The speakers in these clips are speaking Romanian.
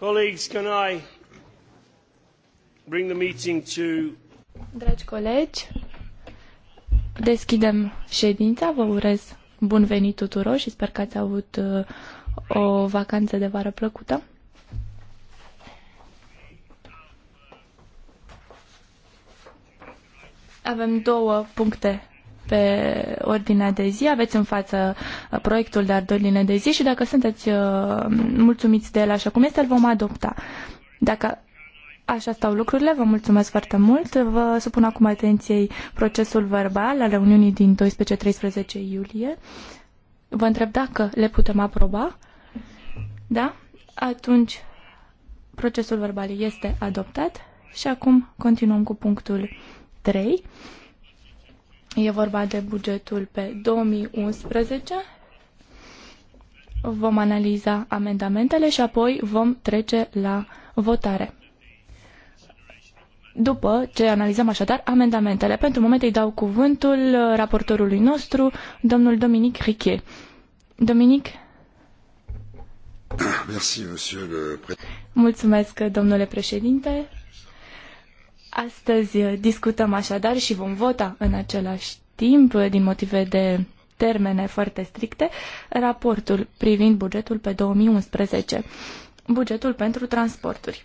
Colleagues, can I bring the meeting to... Dragi colegi, deschidem ședința. Vă urez bun venit tuturor și sper că ați avut uh, o vacanță de vară plăcută. Avem două puncte pe ordinea de zi. Aveți în față uh, proiectul de ordine de zi și dacă sunteți uh, mulțumiți de el așa cum este, îl vom adopta. Dacă Așa stau lucrurile, vă mulțumesc foarte mult. Vă supun acum atenției procesul verbal al reuniunii din 12-13 iulie. Vă întreb dacă le putem aproba. Da? Atunci procesul verbal este adoptat și acum continuăm cu punctul 3. E vorba de bugetul pe 2011. Vom analiza amendamentele și apoi vom trece la votare. După ce analizăm așadar amendamentele, pentru moment îi dau cuvântul raportorului nostru, domnul Dominic Riquet. Dominic? Mulțumesc, domnule președinte. Astăzi uh, discutăm așadar și vom vota în același timp, uh, din motive de termene foarte stricte, raportul privind bugetul pe 2011, bugetul pentru transporturi.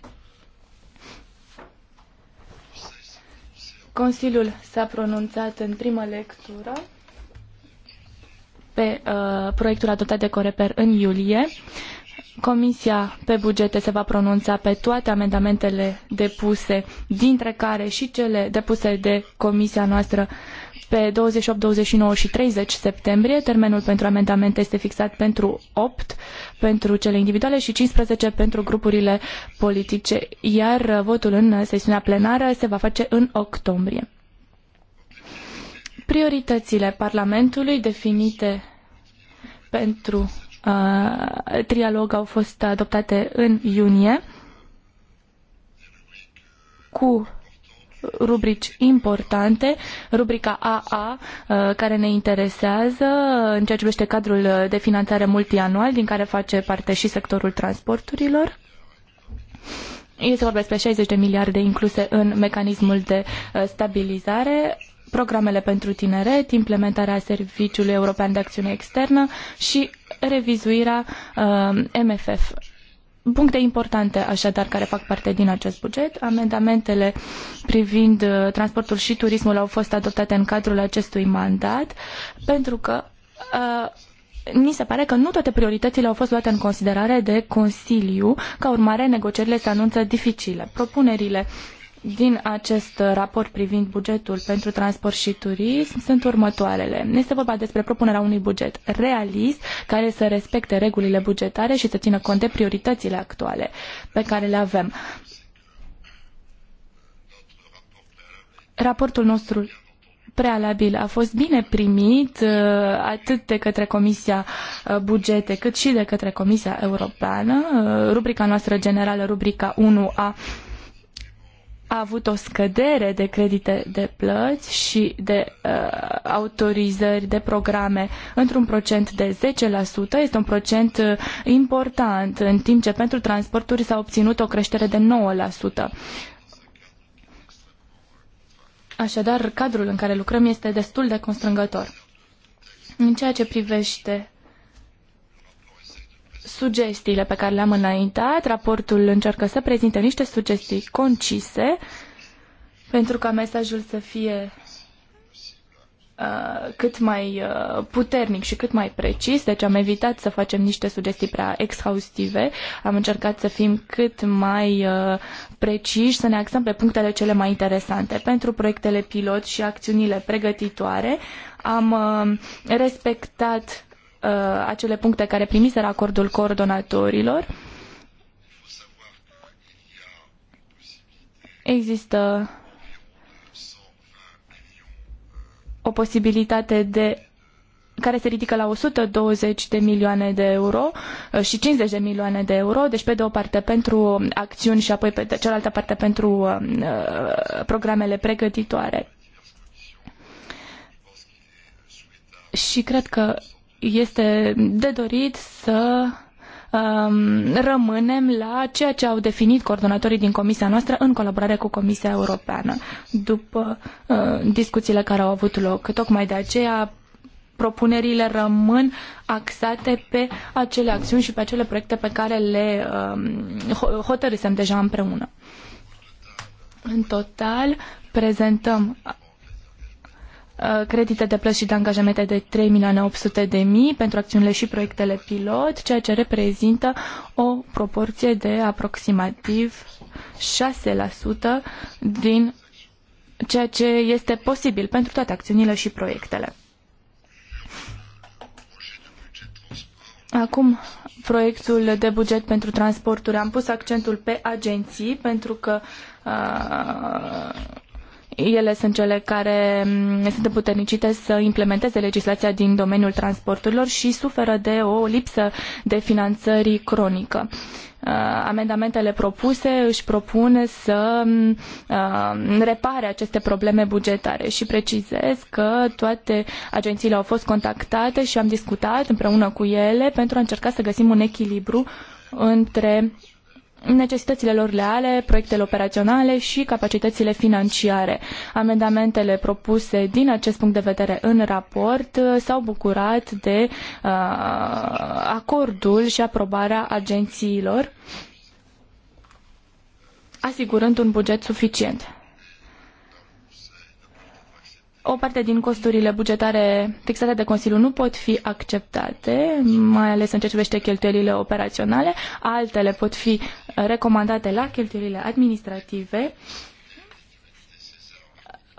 Consiliul s-a pronunțat în primă lectură pe uh, proiectul adoptat de Coreper în iulie. Uh, Comisia pe bugete se va pronunța pe toate amendamentele depuse, dintre care și cele depuse de comisia noastră pe 28, 29 și 30 septembrie. Termenul pentru amendamente este fixat pentru 8 pentru cele individuale și 15 pentru grupurile politice, iar votul în sesiunea plenară se va face în octombrie. Prioritățile Parlamentului definite pentru Uh, trialog au fost adoptate în iunie cu rubrici importante, rubrica AA uh, care ne interesează în ceea ce privește cadrul de finanțare multianual din care face parte și sectorul transporturilor. Este vorba despre 60 de miliarde incluse în mecanismul de uh, stabilizare, programele pentru tineret, implementarea Serviciului European de Acțiune Externă și revizuirea uh, MFF. Puncte importante, așadar, care fac parte din acest buget. Amendamentele privind uh, transportul și turismul au fost adoptate în cadrul acestui mandat, pentru că uh, ni se pare că nu toate prioritățile au fost luate în considerare de Consiliu, ca urmare negocierile se anunță dificile. Propunerile din acest raport privind bugetul pentru transport și turism sunt următoarele. Este vorba despre propunerea unui buget realist care să respecte regulile bugetare și să țină cont de prioritățile actuale pe care le avem. Raportul nostru prealabil a fost bine primit uh, atât de către Comisia uh, Bugete cât și de către Comisia Europeană. Uh, rubrica noastră generală, rubrica 1A, a avut o scădere de credite de plăți și de uh, autorizări de programe într-un procent de 10%. Este un procent uh, important, în timp ce pentru transporturi s-a obținut o creștere de 9%. Așadar, cadrul în care lucrăm este destul de constrângător. În ceea ce privește sugestiile pe care le-am înaintat. Raportul încearcă să prezinte niște sugestii concise pentru ca mesajul să fie uh, cât mai uh, puternic și cât mai precis, deci am evitat să facem niște sugestii prea exhaustive, am încercat să fim cât mai uh, preciși, să ne axăm pe punctele cele mai interesante. Pentru proiectele pilot și acțiunile pregătitoare am uh, respectat Uh, acele puncte care primiseră acordul coordonatorilor. Există o posibilitate de care se ridică la 120 de milioane de euro uh, și 50 de milioane de euro, deci pe de o parte pentru acțiuni și apoi pe de cealaltă parte pentru uh, programele pregătitoare. Și cred că este de dorit să um, rămânem la ceea ce au definit coordonatorii din comisia noastră în colaborare cu Comisia Europeană după uh, discuțiile care au avut loc. Tocmai de aceea propunerile rămân axate pe acele acțiuni și pe acele proiecte pe care le um, hotărâsem deja împreună. În total, prezentăm Uh, credite de plăți și de angajamente de 3 de mii pentru acțiunile și proiectele pilot, ceea ce reprezintă o proporție de aproximativ 6% din ceea ce este posibil pentru toate acțiunile și proiectele. Acum, proiectul de buget pentru transporturi. Am pus accentul pe agenții pentru că uh, ele sunt cele care mm, sunt puternicite să implementeze legislația din domeniul transporturilor și suferă de o lipsă de finanțări cronică uh, amendamentele propuse își propun să mm, uh, repare aceste probleme bugetare și precizez că toate agențiile au fost contactate și am discutat împreună cu ele pentru a încerca să găsim un echilibru între necesitățile lor reale, proiectele operaționale și capacitățile financiare. Amendamentele propuse din acest punct de vedere în raport uh, s-au bucurat de uh, acordul și aprobarea agențiilor, asigurând un buget suficient o parte din costurile bugetare fixate de Consiliu nu pot fi acceptate, mai ales în ceea ce privește cheltuielile operaționale, altele pot fi uh, recomandate la cheltuielile administrative.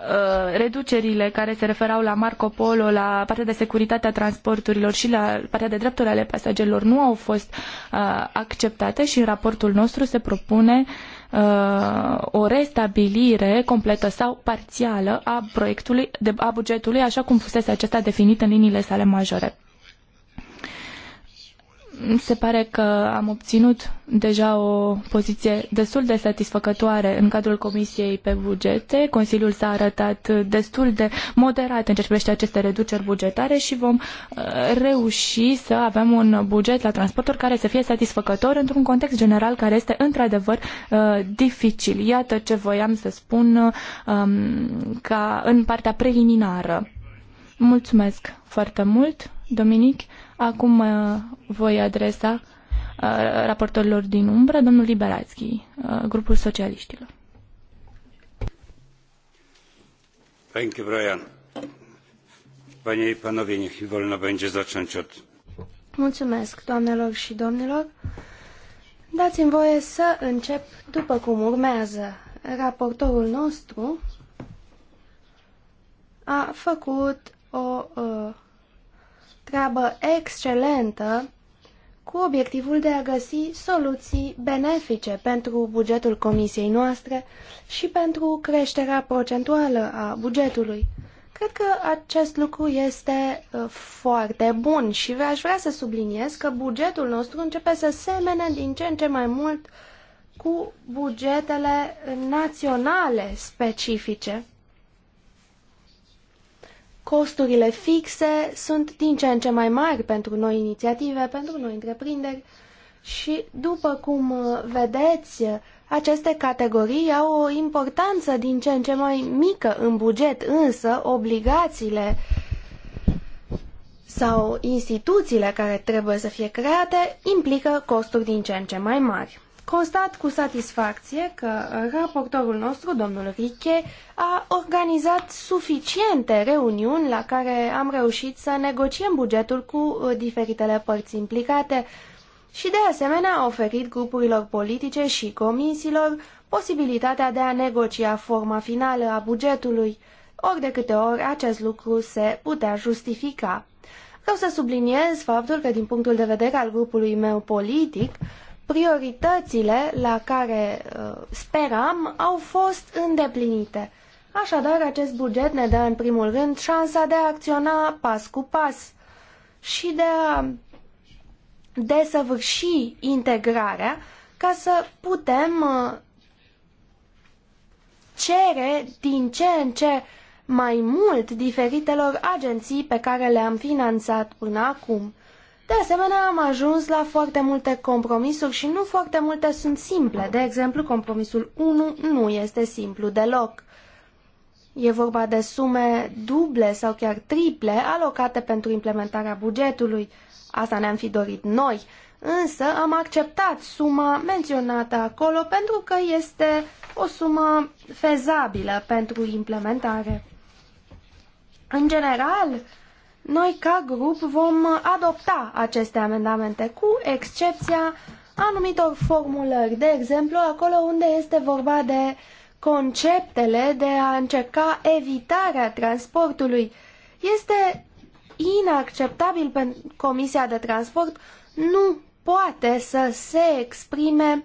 Uh, reducerile care se referau la Marco Polo, la partea de securitate a transporturilor și la partea de drepturi ale pasagerilor nu au fost uh, acceptate și în raportul nostru se propune uh, Uh, o restabilire completă sau parțială a proiectului, a bugetului, așa cum fusese acesta definit în liniile sale majore se pare că am obținut deja o poziție destul de satisfăcătoare în cadrul Comisiei pe bugete. Consiliul s-a arătat destul de moderat în ce privește aceste reduceri bugetare și vom uh, reuși să avem un buget la transporturi care să fie satisfăcător într-un context general care este într-adevăr uh, dificil. Iată ce voiam să spun um, ca în partea preliminară. Mulțumesc foarte mult! Dominic. Acum uh, voi adresa uh, raportorilor din umbră, domnul Liberațchi, uh, grupul socialiștilor. Thank you, Brian. Panie i panowie, niech mi wolno będzie zacząć od... Mulțumesc, doamnelor și domnilor. Dați-mi voie să încep după cum urmează. Raportorul nostru a făcut o uh, treabă excelentă cu obiectivul de a găsi soluții benefice pentru bugetul comisiei noastre și pentru creșterea procentuală a bugetului. Cred că acest lucru este uh, foarte bun și aș vrea să subliniez că bugetul nostru începe să semene din ce în ce mai mult cu bugetele naționale specifice Costurile fixe sunt din ce în ce mai mari pentru noi inițiative, pentru noi întreprinderi și, după cum uh, vedeți, aceste categorii au o importanță din ce în ce mai mică în buget, însă obligațiile sau instituțiile care trebuie să fie create implică costuri din ce în ce mai mari. Constat cu satisfacție că uh, raportorul nostru, domnul Riche, a organizat suficiente reuniuni la care am reușit să negociem bugetul cu uh, diferitele părți implicate și de asemenea a oferit grupurilor politice și comisiilor posibilitatea de a negocia forma finală a bugetului, ori de câte ori acest lucru se putea justifica. Vreau să subliniez faptul că din punctul de vedere al grupului meu politic, prioritățile la care uh, speram au fost îndeplinite. Așadar, acest buget ne dă în primul rând șansa de a acționa pas cu pas și de a desăvârși integrarea ca să putem uh, cere din ce în ce mai mult diferitelor agenții pe care le-am finanțat până acum. De asemenea, am ajuns la foarte multe compromisuri și nu foarte multe sunt simple. De exemplu, compromisul 1 nu este simplu deloc. E vorba de sume duble sau chiar triple alocate pentru implementarea bugetului. Asta ne-am fi dorit noi, însă am acceptat suma menționată acolo pentru că este o sumă fezabilă pentru implementare. În general, noi, ca grup, vom adopta aceste amendamente, cu excepția anumitor formulări. De exemplu, acolo unde este vorba de conceptele de a încerca evitarea transportului. Este inacceptabil pentru Comisia de Transport nu poate să se exprime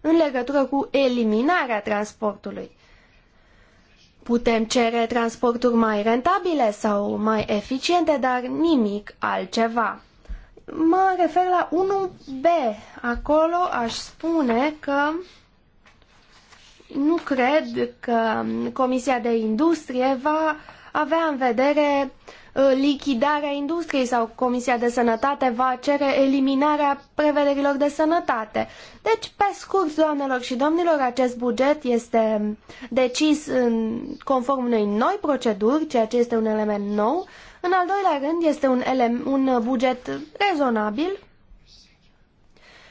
în legătură cu eliminarea transportului. Putem cere transporturi mai rentabile sau mai eficiente, dar nimic altceva. Mă refer la 1B. Acolo aș spune că nu cred că Comisia de Industrie va avea în vedere Uh, lichidarea industriei sau Comisia de Sănătate va cere eliminarea prevederilor de sănătate. Deci, pe scurt, doamnelor și domnilor, acest buget este decis în, conform unei noi proceduri, ceea ce este un element nou. În al doilea rând, este un, un buget rezonabil.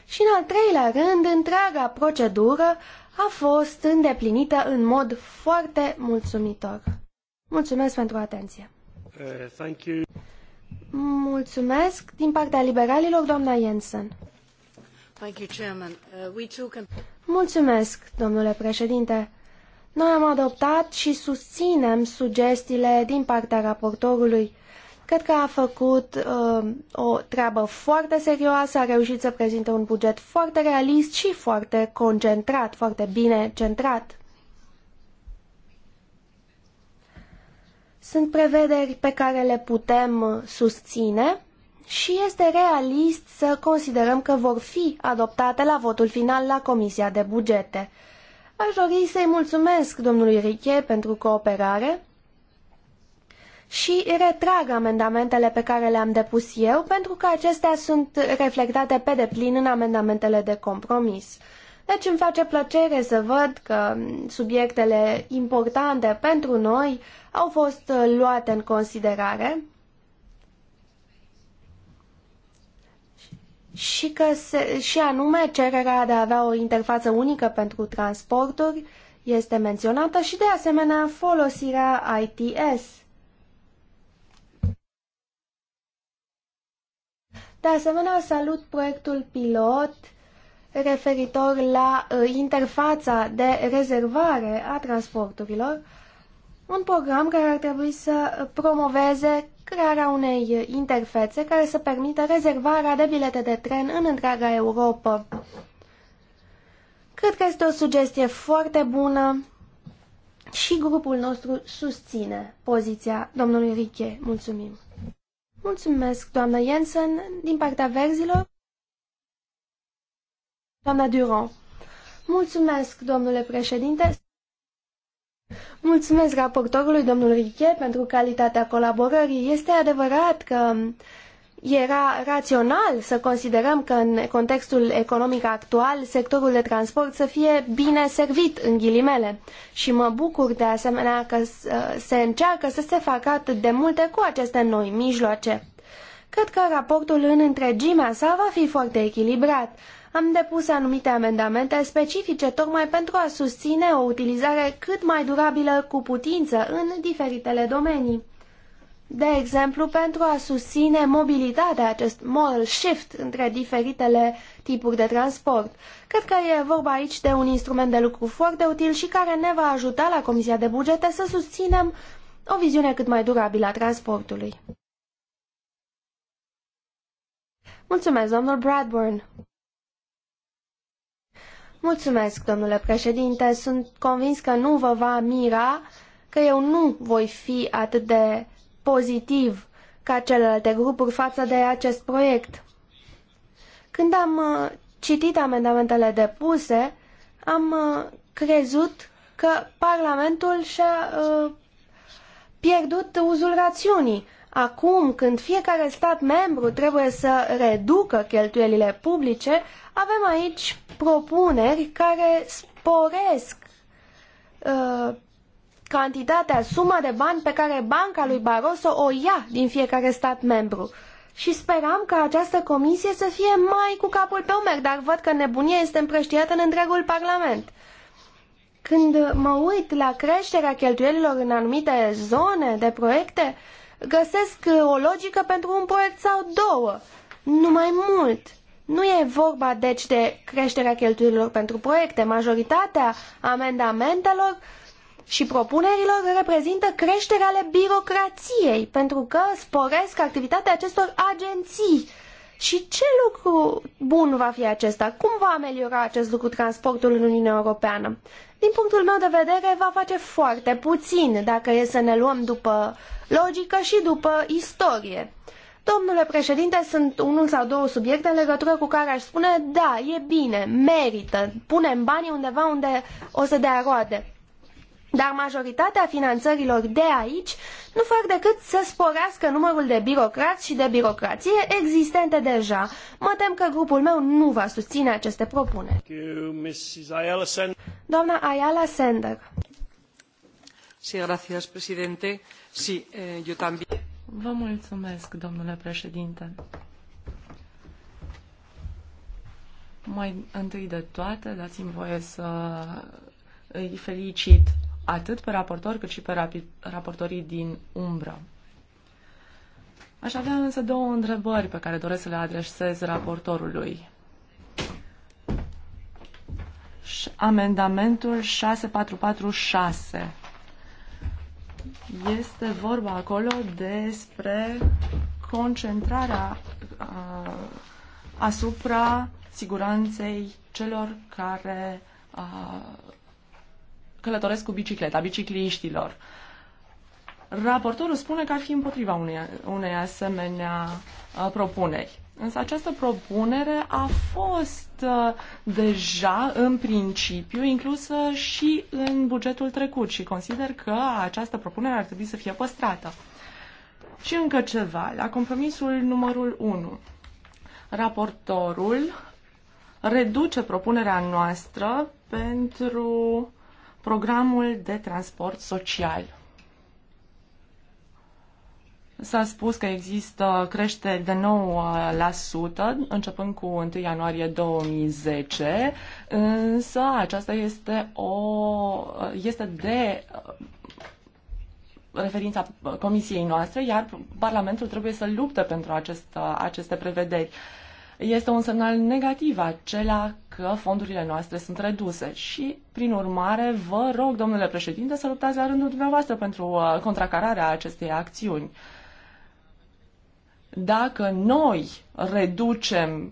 Și în al treilea rând, întreaga procedură a fost îndeplinită în mod foarte mulțumitor. Mulțumesc pentru atenție! Mulțumesc. Din partea liberalilor, doamna Jensen. Thank you, Chairman. Uh, we too can... Mulțumesc, domnule președinte. Noi am adoptat și susținem sugestiile din partea raportorului. Cred că a făcut uh, o treabă foarte serioasă, a reușit să prezinte un buget foarte realist și foarte concentrat, foarte bine centrat. Sunt prevederi pe care le putem susține și este realist să considerăm că vor fi adoptate la votul final la Comisia de Bugete. Aș dori să-i mulțumesc domnului Riche pentru cooperare și retrag amendamentele pe care le-am depus eu, pentru că acestea sunt reflectate pe deplin în amendamentele de compromis. Deci îmi face plăcere să văd că subiectele importante pentru noi au fost uh, luate în considerare și, că se, și anume cererea de a avea o interfață unică pentru transporturi este menționată și de asemenea folosirea ITS. De asemenea, salut proiectul pilot referitor la uh, interfața de rezervare a transporturilor un program care ar trebui să promoveze crearea unei interfețe care să permită rezervarea de bilete de tren în întreaga Europa. Cred că este o sugestie foarte bună și grupul nostru susține poziția domnului Riche. Mulțumim! Mulțumesc, doamna Jensen, din partea verzilor. Doamna Durand. Mulțumesc, domnule președinte. Mulțumesc raportorului, domnul Riche, pentru calitatea colaborării. Este adevărat că era rațional să considerăm că în contextul economic actual sectorul de transport să fie bine servit în ghilimele. Și mă bucur de asemenea că uh, se încearcă să se facă atât de multe cu aceste noi mijloace. Cred că raportul în întregimea sa va fi foarte echilibrat am depus anumite amendamente specifice tocmai pentru a susține o utilizare cât mai durabilă cu putință în diferitele domenii. De exemplu, pentru a susține mobilitatea, acest moral shift între diferitele tipuri de transport. Cred că e vorba aici de un instrument de lucru foarte util și care ne va ajuta la Comisia de Bugete să susținem o viziune cât mai durabilă a transportului. Mulțumesc, domnul Bradburn. Mulțumesc, domnule președinte. Sunt convins că nu vă va mira că eu nu voi fi atât de pozitiv ca celelalte grupuri față de acest proiect. Când am uh, citit amendamentele depuse, am uh, crezut că Parlamentul și-a uh, pierdut uzul rațiunii. Acum, când fiecare stat membru trebuie să reducă cheltuielile publice, avem aici propuneri care sporesc uh, cantitatea, suma de bani pe care banca lui Barroso o ia din fiecare stat membru. Și speram că această comisie să fie mai cu capul pe umeri, dar văd că nebunia este împrăștiată în întregul Parlament. Când mă uit la creșterea cheltuielilor în anumite zone de proiecte, uh, găsesc uh, o logică pentru un proiect sau două, nu mai mult. Nu e vorba, deci, de creșterea cheltuielilor pentru proiecte. Majoritatea amendamentelor și propunerilor reprezintă creșterea ale birocrației, pentru că sporesc activitatea acestor agenții. Și ce lucru bun va fi acesta? Cum va ameliora acest lucru transportul în Uniunea Europeană? Din punctul meu de vedere, va face foarte puțin dacă e să ne luăm după logică și după istorie. Domnule președinte, sunt unul sau două subiecte în legătură cu care aș spune, da, e bine, merită, punem banii undeva unde o să dea roade. Dar majoritatea finanțărilor de aici nu fac decât să sporească numărul de birocrați și de birocrație existente deja. Mă tem că grupul meu nu va susține aceste propuneri. Doamna Ayala Sender. Sí, gracias, presidente. Sí, eh, yo también. Vă mulțumesc, domnule președinte. Mai întâi de toate, dați-mi voie să îi felicit atât pe raportor cât și pe raportorii din umbră. Aș avea însă două întrebări pe care doresc să le adresez raportorului. Amendamentul 6446. Este vorba acolo despre concentrarea a, asupra siguranței celor care călătoresc cu bicicleta, bicicliștilor. Raportorul spune că ar fi împotriva unei, unei asemenea uh, propuneri. Însă această propunere a fost uh, deja, în principiu, inclusă și în bugetul trecut și consider că această propunere ar trebui să fie păstrată. Și încă ceva, la compromisul numărul 1. Raportorul reduce propunerea noastră pentru programul de transport social. S-a spus că există crește de 9% începând cu 1 ianuarie 2010, însă aceasta este, o, este de uh, referința comisiei noastre, iar Parlamentul trebuie să lupte pentru acest, uh, aceste prevederi. Uh, este un semnal negativ acela că fondurile noastre sunt reduse și, prin urmare, vă rog, domnule președinte, să luptați la rândul dumneavoastră pentru uh, contracararea acestei acțiuni. Dacă noi reducem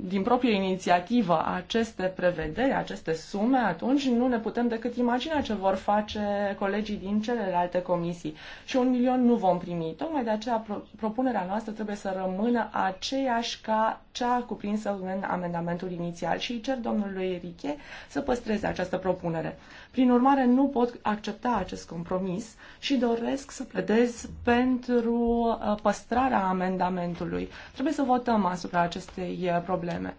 din proprie inițiativă aceste prevederi, aceste sume, atunci nu ne putem decât imagina ce vor face colegii din celelalte comisii. Și un milion nu vom primi. Tocmai de aceea propunerea noastră trebuie să rămână aceeași ca cea cuprinsă în amendamentul inițial și îi cer domnului Riche să păstreze această propunere. Prin urmare, nu pot accepta acest compromis și doresc să pledez pentru uh, păstrarea amendamentului. Trebuie să să votăm asupra acestei uh, probleme.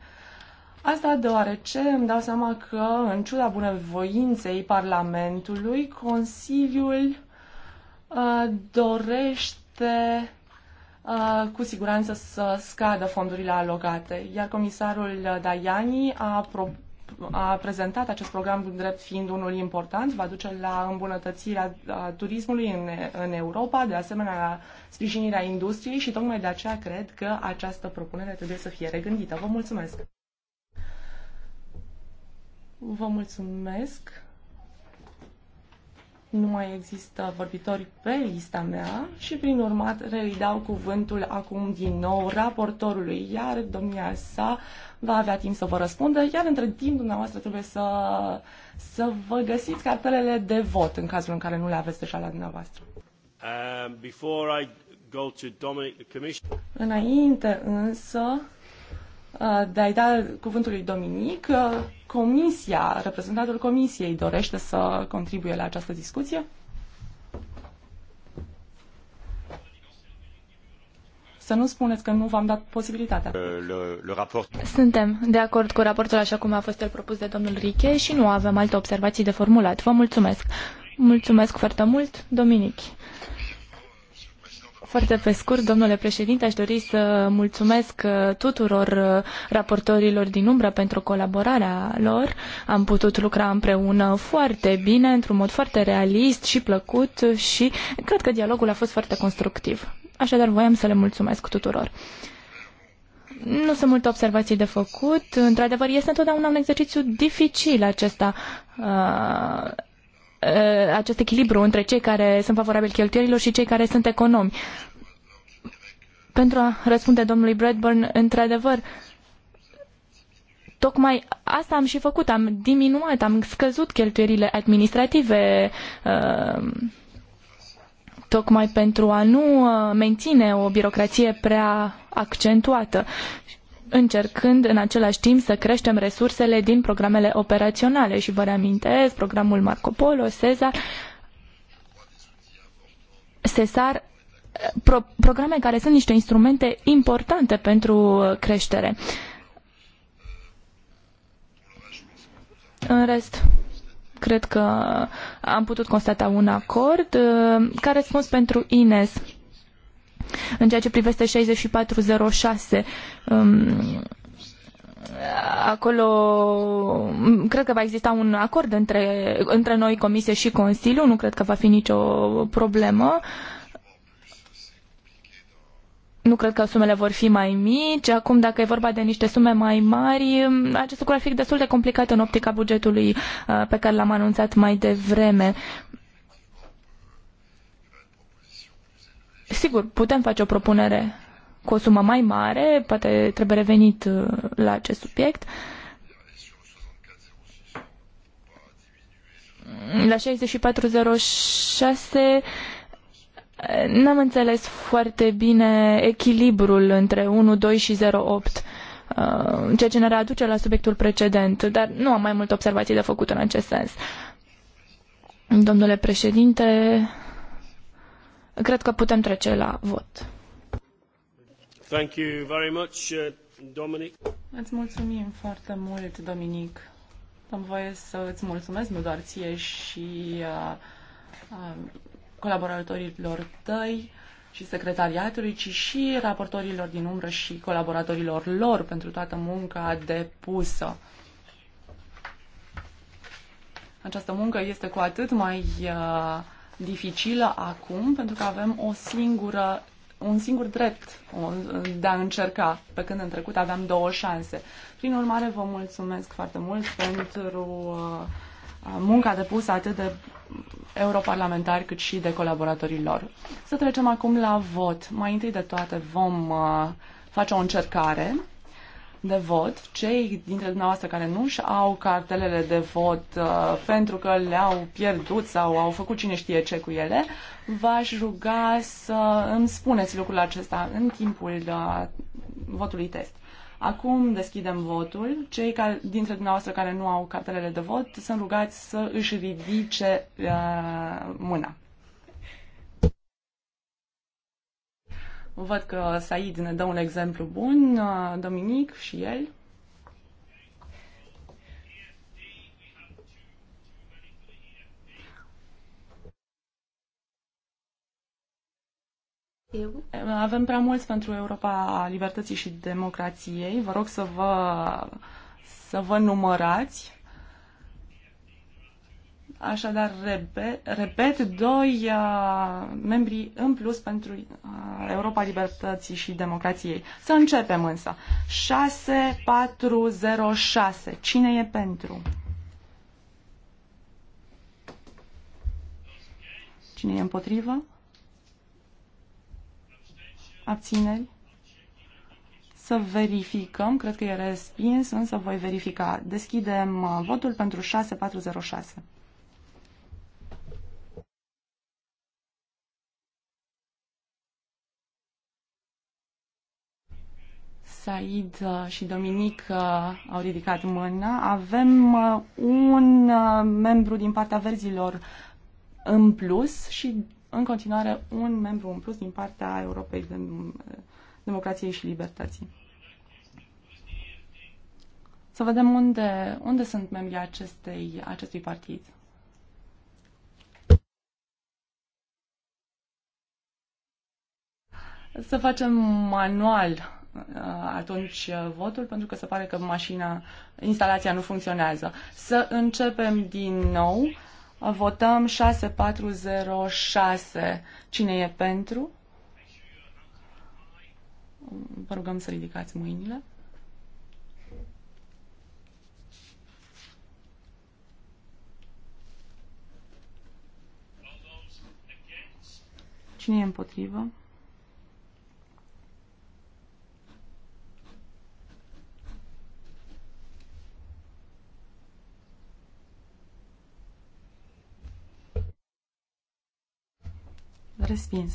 Asta deoarece îmi dau seama că, în ciuda bunăvoinței Parlamentului, Consiliul uh, dorește uh, cu siguranță să scadă fondurile alocate, iar comisarul Dajani a, pro- a prezentat acest program drept fiind unul important, va duce la îmbunătățirea turismului în, în Europa, de asemenea la sprijinirea industriei și tocmai de aceea cred că această propunere trebuie să fie regândită. Vă mulțumesc! Vă mulțumesc! Nu mai există vorbitori pe lista mea și, prin urmare, îi dau cuvântul acum din nou raportorului, iar domnia sa va avea timp să vă răspundă, iar între timp dumneavoastră trebuie să, să vă găsiți cartelele de vot în cazul în care nu le aveți deja la dumneavoastră. Um, before I go to Dominic, the commission... Înainte însă Uh, de a-i da cuvântul lui Dominic. Uh, comisia, reprezentantul Comisiei dorește să contribuie la această discuție? Să nu spuneți că nu v-am dat posibilitatea. Uh, Suntem de acord cu raportul așa cum a fost el propus de domnul Riche și nu avem alte observații de formulat. Vă mulțumesc. Mulțumesc foarte mult, Dominic. Foarte pe scurt, domnule președinte, aș dori să mulțumesc uh, tuturor uh, raportorilor din umbră pentru colaborarea lor. Am putut lucra împreună foarte bine, într-un mod foarte realist și plăcut și cred că dialogul a fost foarte constructiv. Așadar, voiam să le mulțumesc tuturor. Nu sunt multe observații de făcut. Într-adevăr, este întotdeauna un exercițiu dificil acesta. Uh, Uh, acest echilibru între cei care sunt favorabili cheltuielilor și cei care sunt economi. Pentru a răspunde domnului Bradburn, într-adevăr, tocmai asta am și făcut, am diminuat, am scăzut cheltuielile administrative uh, tocmai pentru a nu uh, menține o birocrație prea accentuată încercând în același timp să creștem resursele din programele operaționale. Și vă reamintesc, programul Marco Polo, Cezar, Cesar, pro, programe care sunt niște instrumente importante pentru creștere. În rest, cred că am putut constata un acord. Uh, ca răspuns pentru Ines, în ceea ce privește 6406, um, acolo um, cred că va exista un acord între, între noi, Comisie și Consiliu, nu cred că va fi nicio problemă. Nu cred că sumele vor fi mai mici. Acum, dacă e vorba de niște sume mai mari, um, acest lucru ar fi destul de complicat în optica bugetului uh, pe care l-am anunțat mai devreme. Sigur, putem face o propunere cu o sumă mai mare, poate trebuie revenit uh, la acest subiect. La 6406 uh, n-am înțeles foarte bine echilibrul între 1, 2 și 08, uh, ceea ce ne readuce la subiectul precedent, dar nu am mai multe observații de făcut în acest sens. Domnule președinte, Cred că putem trece la vot. Thank you very much, uh, Dominic. Îți mulțumim foarte mult, Dominic. Am voie să îți mulțumesc nu doar ție și uh, uh, colaboratorilor tăi și secretariatului, ci și raportorilor din umbră și colaboratorilor lor pentru toată munca depusă. Această muncă este cu atât mai uh, dificilă acum, pentru că avem o singură, un singur drept de a încerca, pe când în trecut aveam două șanse. Prin urmare, vă mulțumesc foarte mult pentru uh, munca depusă atât de europarlamentari cât și de colaboratorii lor. Să trecem acum la vot. Mai întâi de toate vom uh, face o încercare de vot, cei dintre dumneavoastră care nu și au cartelele de vot uh, pentru că le-au pierdut sau au făcut cine știe ce cu ele, v-aș ruga să îmi spuneți lucrul acesta în timpul uh, votului test. Acum deschidem votul. Cei care, dintre dumneavoastră care nu au cartelele de vot sunt rugați să își ridice uh, mâna. Văd că Said ne dă un exemplu bun, uh, Dominic și el. Eu? Avem prea mulți pentru Europa Libertății și Democrației. Vă rog să vă, să vă numărați. Așadar, repet, repet doi uh, membri în plus pentru uh, Europa Libertății și Democrației. Să începem însă. 6406. Cine e pentru? Cine e împotrivă? Abțineri? Să verificăm. Cred că e respins, însă voi verifica. Deschidem uh, votul pentru 6406. Said uh, și Dominic uh, au ridicat mâna. Avem uh, un membru din partea verzilor în plus și în continuare un membru în plus din partea Europei de Democrației și Libertății. Să vedem unde, unde sunt membrii acestei, acestui partid. Să facem manual Uh, atunci uh, votul pentru că se pare că mașina, instalația nu funcționează. Să începem din nou. Uh, votăm 6406. Cine e pentru? Vă rugăm să ridicați mâinile. Cine e împotrivă? Respins.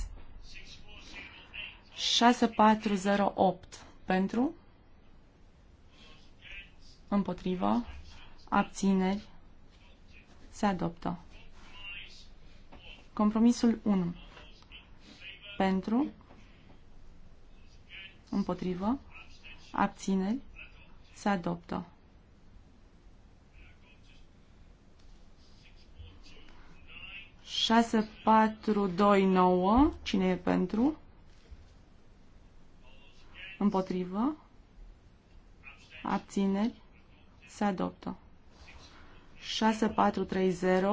6408 pentru, împotrivă, abțineri, se adoptă. Compromisul 1 pentru, împotrivă, abțineri, se adoptă. 6429. Cine e pentru? Împotrivă? Abțineri? Se adoptă. 6430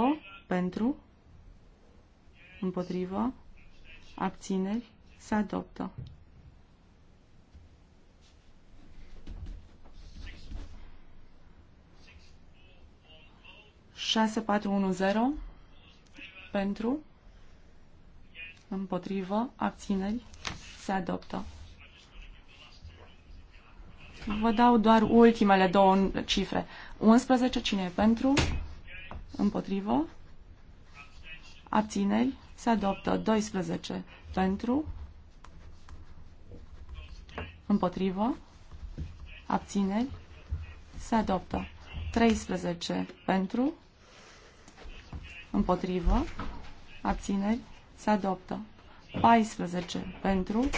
pentru? Împotrivă? Abțineri? Se adoptă. 6410 pentru, împotrivă, abțineri, se adoptă. Vă dau doar ultimele două cifre. 11, cine e pentru, împotrivă, abțineri, se adoptă. 12, pentru, împotrivă, abțineri, se adoptă. 13 pentru, Împotrivă. Abțineri. Se adoptă. 14 pentru.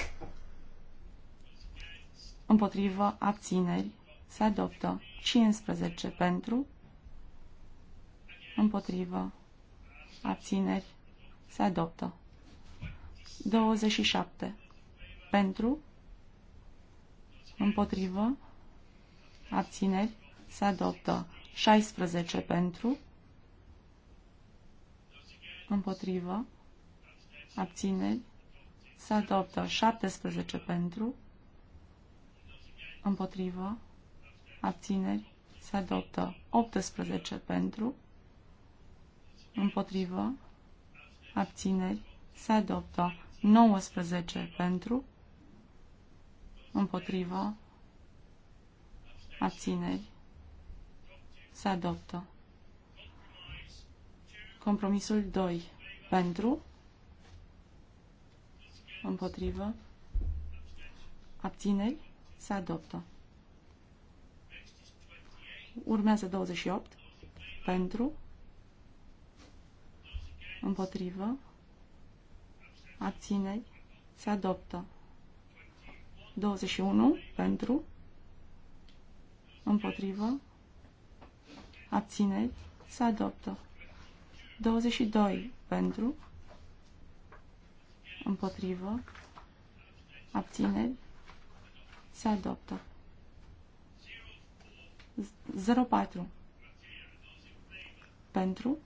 Împotrivă. Abțineri. Se adoptă. 15 pentru. Împotrivă. Abțineri. Se adoptă. 27. Pentru. Împotrivă. Abțineri. Se adoptă. 16 pentru împotrivă, abțineri, se adoptă 17 pentru, împotrivă, abțineri, se adoptă 18 pentru, împotrivă, abțineri, se adoptă 19 pentru, împotrivă, abțineri, se adoptă. Compromisul 2. Pentru. Împotrivă. Abțineri. Se adoptă. Urmează 28. Pentru. Împotrivă. Abțineri. Se adoptă. 21. Pentru. Împotrivă. Abțineri. Se adoptă. 22 pentru, împotrivă, abțineri, se adoptă. 04 pentru,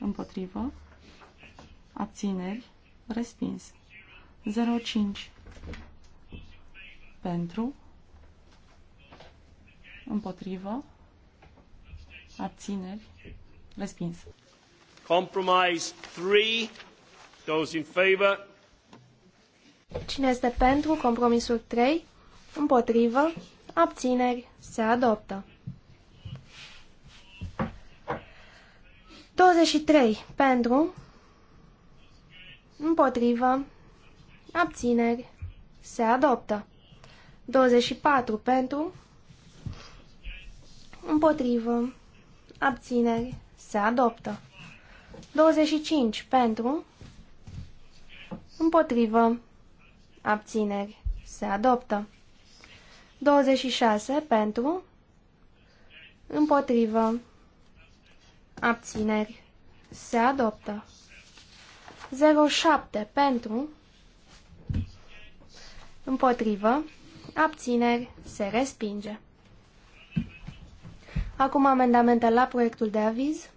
împotrivă, abțineri, respins. 05 pentru, împotrivă, abțineri, Respins. Compromise 3. Those in favor. Cine este pentru compromisul 3? Împotrivă. Abțineri. Se adoptă. 23. Pentru. Împotrivă. Abțineri. Se adoptă. 24. Pentru. Împotrivă. Abțineri. Se adoptă. 25 pentru. Împotrivă. Abțineri. Se adoptă. 26 pentru. Împotrivă. Abțineri. Se adoptă. 07 pentru. Împotrivă. Abțineri. Se respinge. Acum amendamente la proiectul de aviz.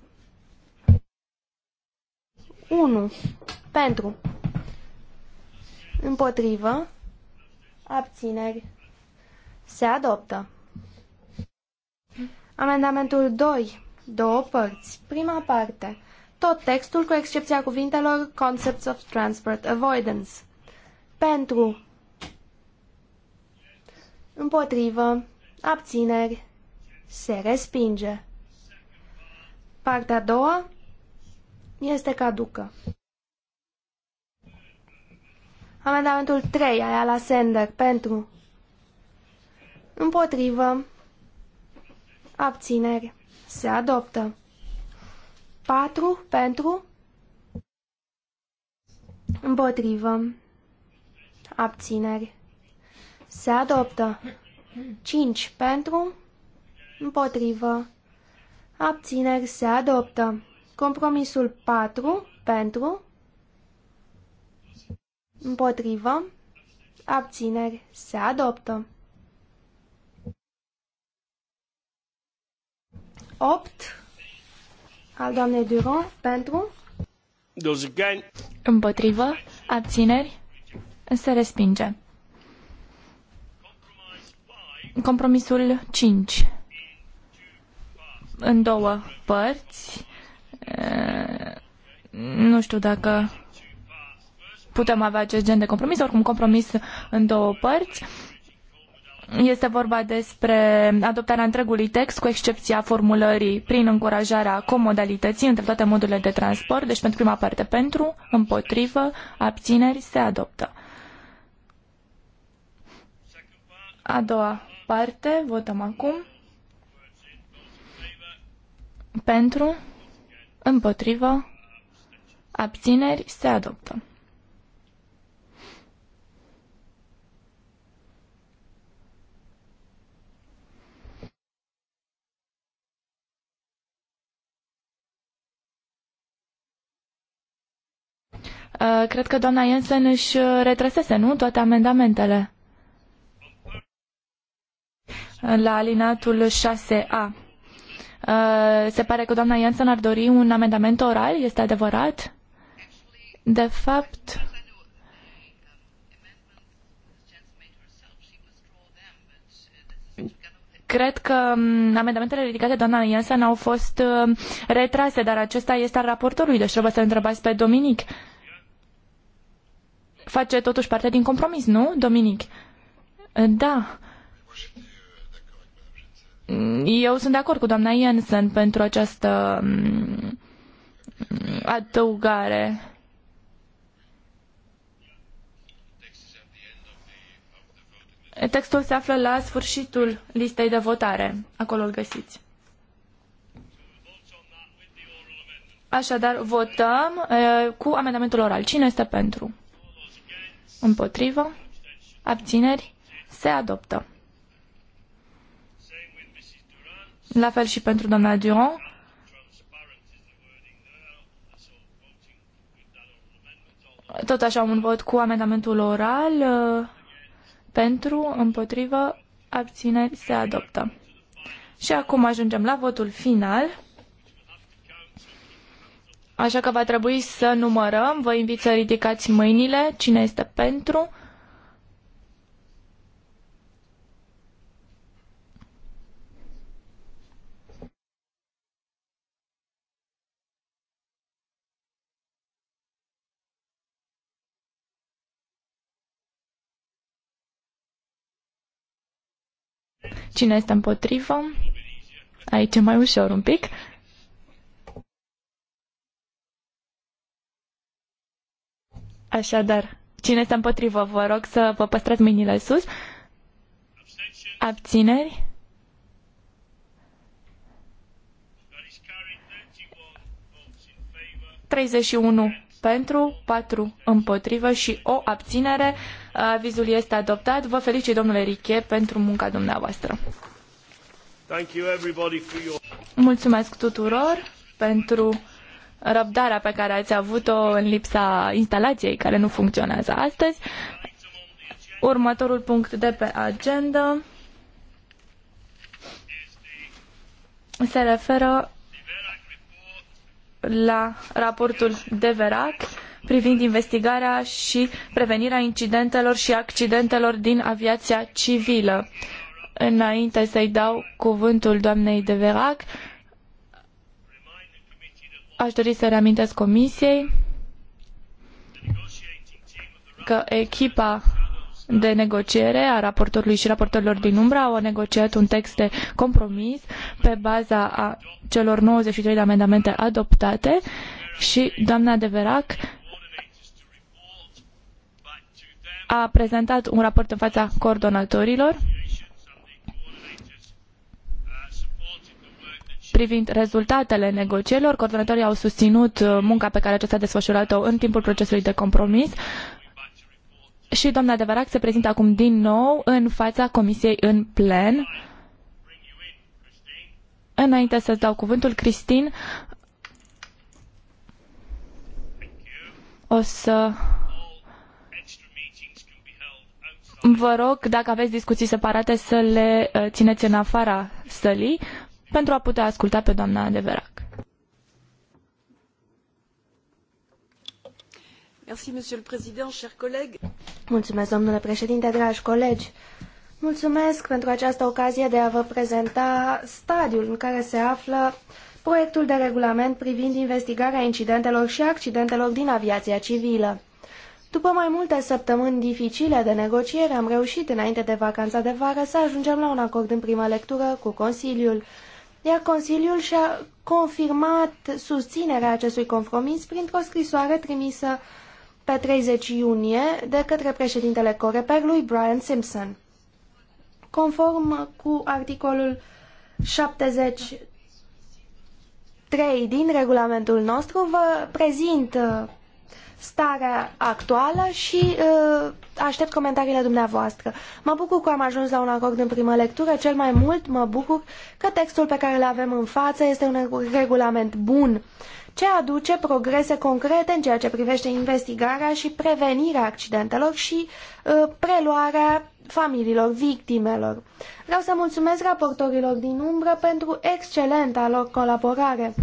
1. Pentru. Împotrivă. Abțineri. Se adoptă. Amendamentul 2. Două părți. Prima parte. Tot textul cu excepția cuvintelor Concepts of Transport Avoidance. Pentru. Împotrivă. Abțineri. Se respinge. Partea a doua. Este caducă. Amendamentul 3, aia la sender, pentru. Împotrivă. Abțineri. Se adoptă. 4 pentru. Împotrivă. Abțineri. Se adoptă. 5 pentru. Împotrivă. Abțineri. Se adoptă. Compromisul 4 pentru, împotrivă, abțineri se adoptă. 8 al doamnei Duron pentru, împotrivă, abțineri se respinge. Compromisul 5 în două părți. Eh, nu știu dacă putem avea acest gen de compromis, oricum compromis în două părți. Este vorba despre adoptarea întregului text, cu excepția formulării prin încurajarea comodalității între toate modurile de transport, deci pentru prima parte pentru, împotrivă, abțineri, se adoptă. A doua parte, votăm acum. Pentru. Împotrivă. Abțineri. Se adoptă. Uh, cred că doamna Jensen își uh, retrăsese, nu, toate amendamentele. La alinatul 6A. Uh, se pare că doamna Jensen ar dori un amendament oral, este adevărat? De fapt, cred că um, amendamentele ridicate doamna Jensen au fost uh, retrase, dar acesta este al raportorului, deci trebuie să întrebați pe Dominic. Face totuși parte din compromis, nu, Dominic? Uh, da. Eu sunt de acord cu doamna Jensen pentru această mm, adăugare. Textul se află la sfârșitul listei de votare. Acolo îl găsiți. Așadar, votăm cu amendamentul oral. Cine este pentru? Împotrivă? Abțineri? Se adoptă. La fel și pentru doamna Durand. Tot așa un vot cu amendamentul oral uh, pentru, împotrivă, abțineri se adoptă. Și acum ajungem la votul final. Așa că va trebui să numărăm. Vă invit să ridicați mâinile. Cine este pentru? Cine este împotrivă? Aici e mai ușor un pic. Așadar, cine este împotrivă, vă rog să vă păstrați mâinile sus. Abțineri? Treizeci și unu pentru, 4 împotrivă și o abținere. Avizul este adoptat. Vă felicit, domnule Riche, pentru munca dumneavoastră. Mulțumesc tuturor pentru răbdarea pe care ați avut-o în lipsa instalației care nu funcționează astăzi. Următorul punct de pe agenda se referă la raportul Verac privind investigarea și prevenirea incidentelor și accidentelor din aviația civilă. Înainte să-i dau cuvântul doamnei Verac, aș dori să reamintesc Comisiei că echipa de negociere a raportorului și raportorilor din umbră au negociat un text de compromis pe baza a celor 93 de amendamente adoptate și doamna de a prezentat un raport în fața coordonatorilor privind rezultatele negocierilor. Coordonatorii au susținut uh, munca pe care aceasta a desfășurat-o în timpul procesului de compromis. Uh, și doamna Deverac se prezintă acum din nou în fața comisiei în plen. Înainte să-ți dau cuvântul, Cristin, o să vă rog, dacă aveți discuții separate, să le uh, țineți în afara sălii pentru a putea asculta pe doamna Devera. Mulțumesc, domnule președinte, dragi colegi. Mulțumesc pentru această ocazie de a vă prezenta stadiul în care se află proiectul de regulament privind investigarea incidentelor și accidentelor din aviația civilă. După mai multe săptămâni dificile de negociere, am reușit înainte de vacanța de vară să ajungem la un acord în primă lectură cu Consiliul, iar Consiliul și-a confirmat susținerea acestui compromis printr-o scrisoare trimisă pe 30 iunie de către președintele Coreperlui, Brian Simpson. Conform cu articolul 73 din regulamentul nostru, vă prezint uh, starea actuală și uh, aștept comentariile dumneavoastră. Mă bucur că am ajuns la un acord în primă lectură, cel mai mult mă bucur că textul pe care îl avem în față este un regulament bun ce aduce progrese concrete în ceea ce privește investigarea și prevenirea accidentelor și uh, preluarea familiilor victimelor. Vreau să mulțumesc raportorilor din umbră pentru excelenta lor colaborare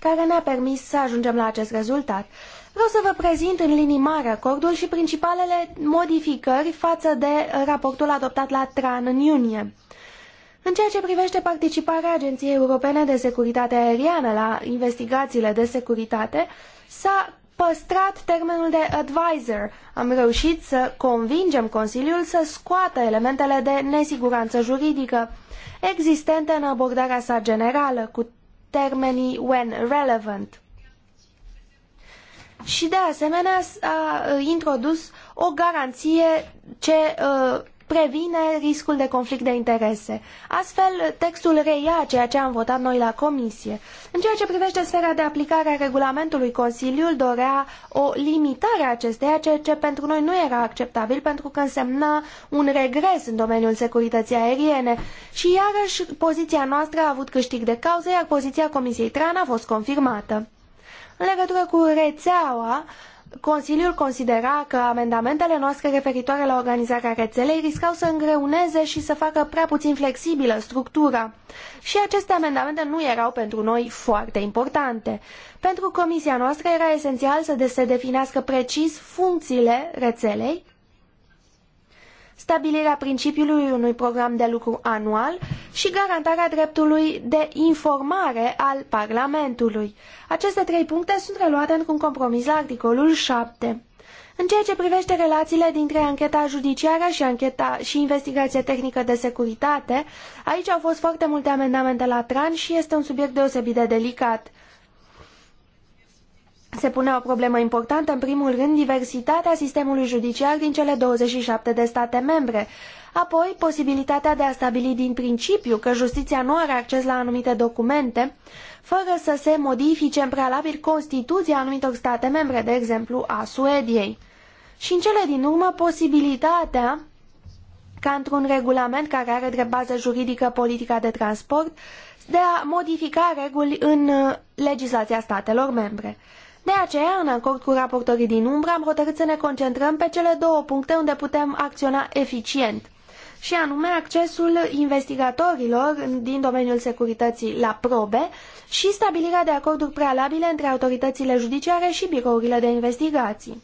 care ne-a permis să ajungem la acest rezultat. Vreau să vă prezint în linii mari acordul și principalele modificări față de raportul adoptat la TRAN în iunie. În ceea ce privește participarea Agenției Europene de Securitate Aeriană la investigațiile de securitate, s-a păstrat termenul de advisor. Am reușit să convingem Consiliul să scoată elementele de nesiguranță juridică existente în abordarea sa generală, cu termenii when relevant. Și de asemenea a uh, introdus o garanție ce uh, previne riscul de conflict de interese. Astfel, textul reia ceea ce am votat noi la comisie. În ceea ce privește sfera de aplicare a regulamentului, Consiliul dorea o limitare a acesteia, ceea ce pentru noi nu era acceptabil pentru că însemna un regres în domeniul securității aeriene. Și iarăși, poziția noastră a avut câștig de cauză, iar poziția Comisiei Tran a fost confirmată. În legătură cu rețeaua, Consiliul considera că amendamentele noastre referitoare la organizarea rețelei riscau să îngreuneze și să facă prea puțin flexibilă structura. Și aceste amendamente nu erau pentru noi foarte importante. Pentru comisia noastră era esențial să se definească precis funcțiile rețelei stabilirea principiului unui program de lucru anual și garantarea dreptului de informare al Parlamentului. Aceste trei puncte sunt reluate într-un compromis la articolul 7. În ceea ce privește relațiile dintre ancheta judiciară și, ancheta și investigația tehnică de securitate, aici au fost foarte multe amendamente la tran și este un subiect deosebit de delicat se pune o problemă importantă, în primul rând, diversitatea sistemului judiciar din cele 27 de state membre, apoi posibilitatea de a stabili din principiu că justiția nu are acces la anumite documente, fără să se modifice în prealabil Constituția anumitor state membre, de exemplu a Suediei. Și în cele din urmă, posibilitatea ca într-un regulament care are drept bază juridică politica de transport, de a modifica reguli în uh, legislația statelor membre. De aceea, în acord cu raportorii din umbră, am hotărât să ne concentrăm pe cele două puncte unde putem acționa eficient, și anume accesul investigatorilor din domeniul securității la probe și stabilirea de acorduri prealabile între autoritățile judiciare și birourile de investigații.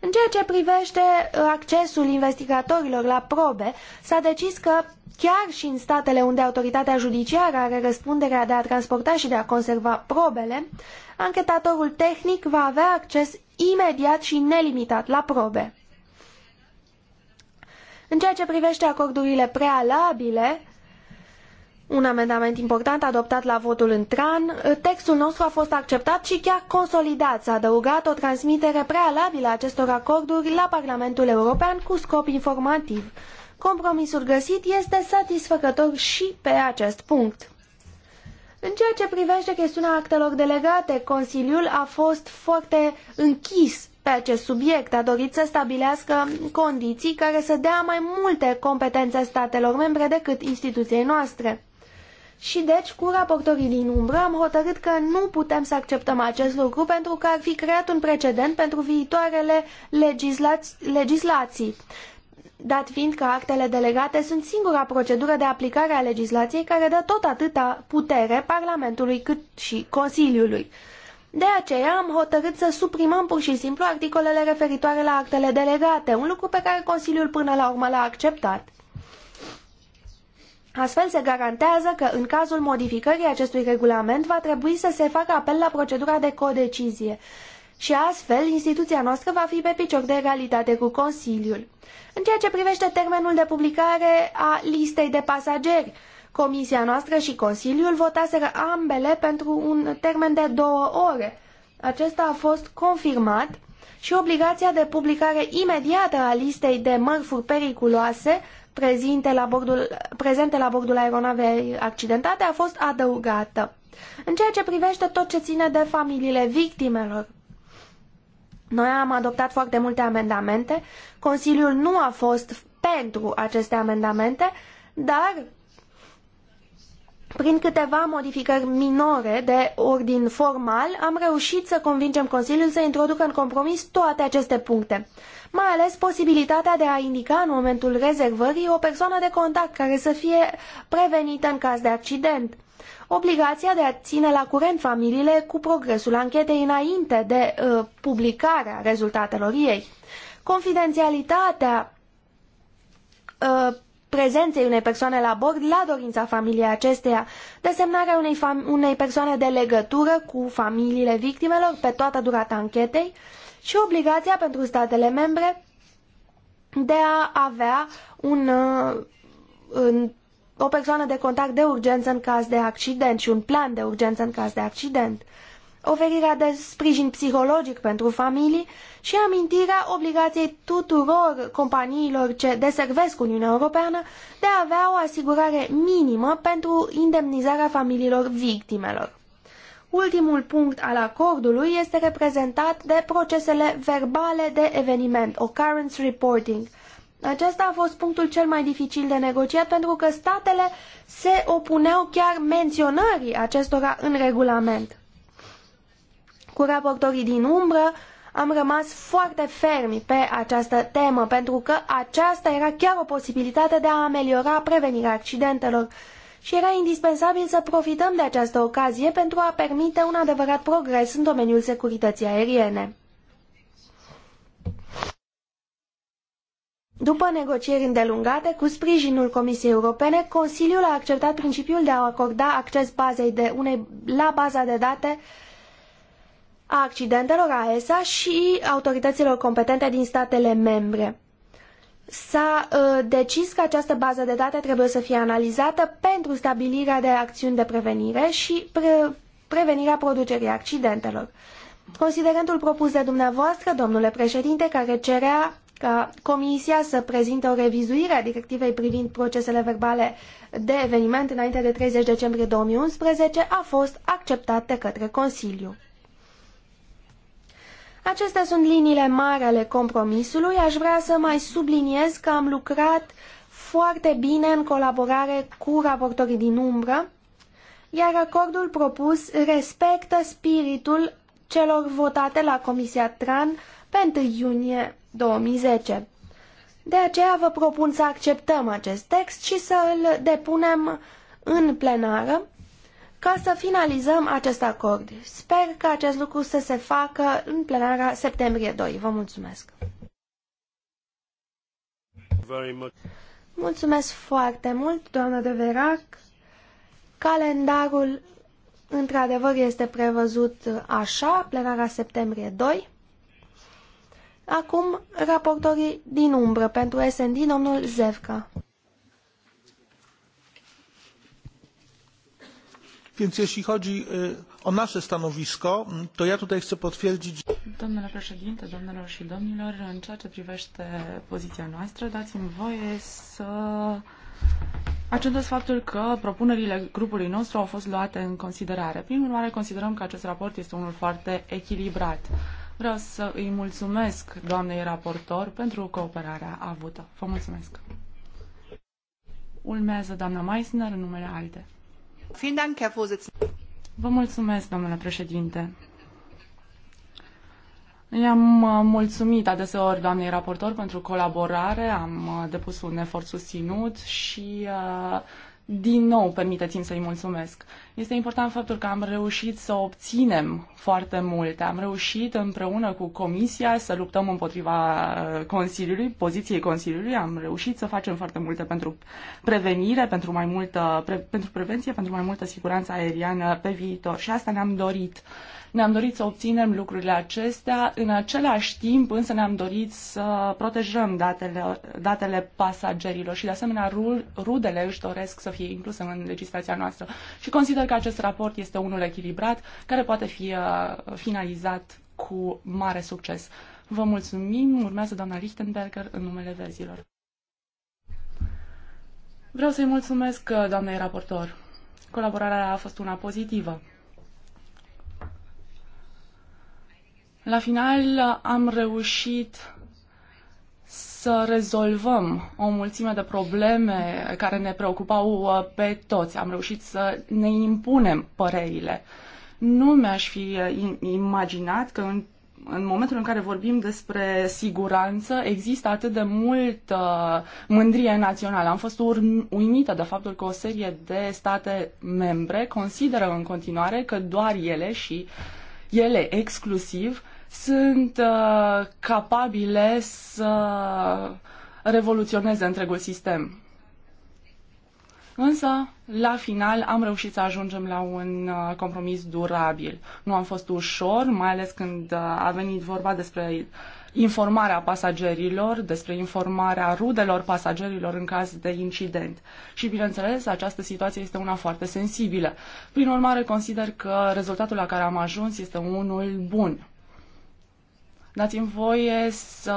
În ceea ce privește uh, accesul investigatorilor la probe, s-a decis că chiar și în statele unde autoritatea judiciară are răspunderea de a transporta și de a conserva probele, anchetatorul tehnic va avea acces imediat și nelimitat la probe. În ceea ce privește acordurile prealabile, un amendament important adoptat la votul în TRAN. Textul nostru a fost acceptat și chiar consolidat. S-a adăugat o transmitere prealabilă a acestor acorduri la Parlamentul European cu scop informativ. Compromisul găsit este satisfăcător și pe acest punct. În ceea ce privește chestiunea actelor delegate, Consiliul a fost foarte închis pe acest subiect. A dorit să stabilească condiții care să dea mai multe competențe statelor membre decât instituției noastre. Și deci, cu raportorii din umbră, am hotărât că nu putem să acceptăm acest lucru pentru că ar fi creat un precedent pentru viitoarele legisla legislații. Dat fiind că actele delegate sunt singura procedură de aplicare a legislației care dă tot atâta putere Parlamentului cât și Consiliului. De aceea am hotărât să suprimăm pur și simplu articolele referitoare la actele delegate, un lucru pe care Consiliul până la urmă l-a acceptat. Astfel se garantează că în cazul modificării acestui regulament va trebui să se facă apel la procedura de codecizie și astfel instituția noastră va fi pe picior de egalitate cu Consiliul. În ceea ce privește termenul de publicare a listei de pasageri, Comisia noastră și Consiliul votaseră ambele pentru un termen de două ore. Acesta a fost confirmat și obligația de publicare imediată a listei de mărfuri periculoase prezente la bordul, prezente la bordul aeronavei accidentate a fost adăugată. În ceea ce privește tot ce ține de familiile victimelor, noi am adoptat foarte multe amendamente, Consiliul nu a fost pentru aceste amendamente, dar prin câteva modificări minore de ordin formal, am reușit să convingem Consiliul să introducă în compromis toate aceste puncte, mai ales posibilitatea de a indica în momentul rezervării o persoană de contact care să fie prevenită în caz de accident, obligația de a ține la curent familiile cu progresul anchetei înainte de uh, publicarea rezultatelor ei, confidențialitatea uh, prezenței unei persoane la bord la dorința familiei acesteia, desemnarea unei, unei persoane de legătură cu familiile victimelor pe toată durata anchetei și obligația pentru statele membre de a avea un, un, uh, o persoană de contact de urgență în caz de accident și un plan de urgență în caz de accident. Uh, oferirea de sprijin psihologic pentru familii și amintirea obligației tuturor companiilor ce deservesc Uniunea Europeană de a avea o asigurare minimă pentru indemnizarea familiilor victimelor. Ultimul punct al acordului este reprezentat de procesele verbale de eveniment, occurrence reporting. Acesta a fost punctul cel mai dificil de negociat pentru că statele se opuneau chiar menționării acestora în regulament. Cu raportorii din umbră am rămas foarte fermi pe această temă, pentru că aceasta era chiar o posibilitate de a ameliora prevenirea accidentelor și era indispensabil să profităm de această ocazie pentru a permite un adevărat progres în domeniul securității aeriene. După negocieri îndelungate cu sprijinul Comisiei Europene, Consiliul a acceptat principiul de a acorda acces bazei de la baza de date a accidentelor ESA și autorităților competente din statele membre. S-a uh, decis că această bază de date trebuie să fie analizată pentru stabilirea de acțiuni de prevenire și pre prevenirea producerii accidentelor. Considerentul propus de dumneavoastră, domnule președinte, care cerea ca Comisia să prezinte o revizuire a directivei privind procesele verbale de eveniment înainte de 30 decembrie 2011, a fost acceptat de către Consiliu. Acestea sunt liniile mari ale compromisului. Aș vrea să mai subliniez că am lucrat foarte bine în colaborare cu raportorii din umbră, iar acordul propus respectă spiritul celor votate la Comisia TRAN pe 1 iunie 2010. De aceea vă propun să acceptăm acest text și să îl depunem în plenară ca să finalizăm acest acord. Sper că acest lucru să se facă în plenara septembrie 2. Vă mulțumesc! Mulțumesc foarte mult, doamnă de Verac. Calendarul, într-adevăr, este prevăzut așa, plenara septembrie 2. Acum, raportorii din umbră pentru SND, domnul Zevca. Więc jeśli chodzi o nasze stanowisko, to ja tutaj chcę potwierdzić... Domnule președinte, domnilor și domnilor, în ceea ce privește poziția noastră, dați-mi voie să Accentuez faptul că propunerile grupului nostru au fost luate în considerare. Prin urmare, considerăm că acest raport este unul foarte echilibrat. Vreau să îi mulțumesc doamnei raportor pentru cooperarea avută. Vă mulțumesc! Urmează doamna Meissner în numele ALDE. Vă mulțumesc, domnule președinte. I-am uh, mulțumit adeseori doamnei raportor pentru colaborare, am uh, depus un efort susținut și uh, din nou, permiteți-mi să-i mulțumesc. Este important faptul că am reușit să obținem foarte multe. Am reușit împreună cu Comisia să luptăm împotriva uh, Consiliului, poziției Consiliului. Am reușit să facem foarte multe pentru prevenire, pentru, mai multă, pre, pentru prevenție, pentru mai multă siguranță aeriană pe viitor. Și asta ne-am dorit. Uh, ne-am dorit să obținem lucrurile acestea, în același timp însă ne-am dorit să protejăm datele, datele pasagerilor și de asemenea rudele își doresc să fie incluse în legislația noastră. Și consider că acest raport este unul echilibrat care poate fi uh, finalizat cu mare succes. Vă mulțumim, urmează doamna Lichtenberger în numele verzilor. Vreau să-i mulțumesc uh, doamnei raportor. Colaborarea a fost una pozitivă. La final am reușit să rezolvăm o mulțime de probleme care ne preocupau uh, pe toți. Am reușit să ne impunem păreile. Nu mi-aș fi uh, imaginat că în, în momentul în care vorbim despre siguranță există atât de multă uh, mândrie națională. Am fost uimită de faptul că o serie de state membre consideră în continuare că doar ele și ele exclusiv uh, sunt uh, capabile să revoluționeze întregul sistem. Însă, la final, am reușit să ajungem la un uh, compromis durabil. Nu a fost ușor, mai ales când uh, a venit vorba despre informarea pasagerilor, despre informarea rudelor pasagerilor în caz de incident. Și, bineînțeles, această situație este una foarte sensibilă. Prin urmare, consider că rezultatul la care am ajuns este unul bun. Dați-mi voie să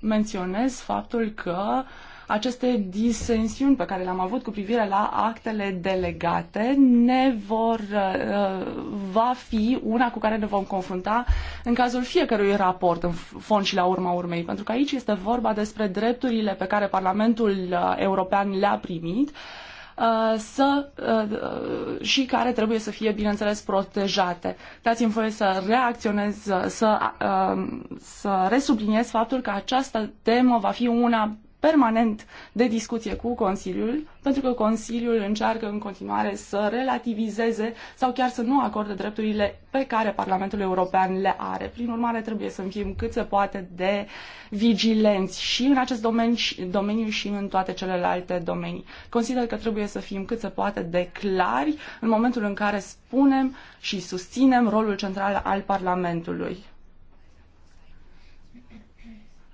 menționez faptul că aceste disensiuni pe care le-am avut cu privire la actele delegate ne vor, uh, va fi una cu care ne vom confrunta în cazul fiecărui raport în fond și la urma urmei, pentru că aici este vorba despre drepturile pe care Parlamentul uh, European le-a primit Uh, să, uh, uh, și care trebuie să fie, bineînțeles, protejate. Dați-mi voie să reacționez, să, să resubliniez faptul că această temă va fi una permanent de discuție cu Consiliul, pentru că Consiliul încearcă în continuare să relativizeze sau chiar să nu acorde drepturile pe care Parlamentul European le are. Prin urmare, trebuie să fim cât se poate de vigilenți și în acest domeniu și în toate celelalte domenii. Consider că trebuie să fim cât se poate de clari în momentul în care spunem și susținem rolul central al Parlamentului.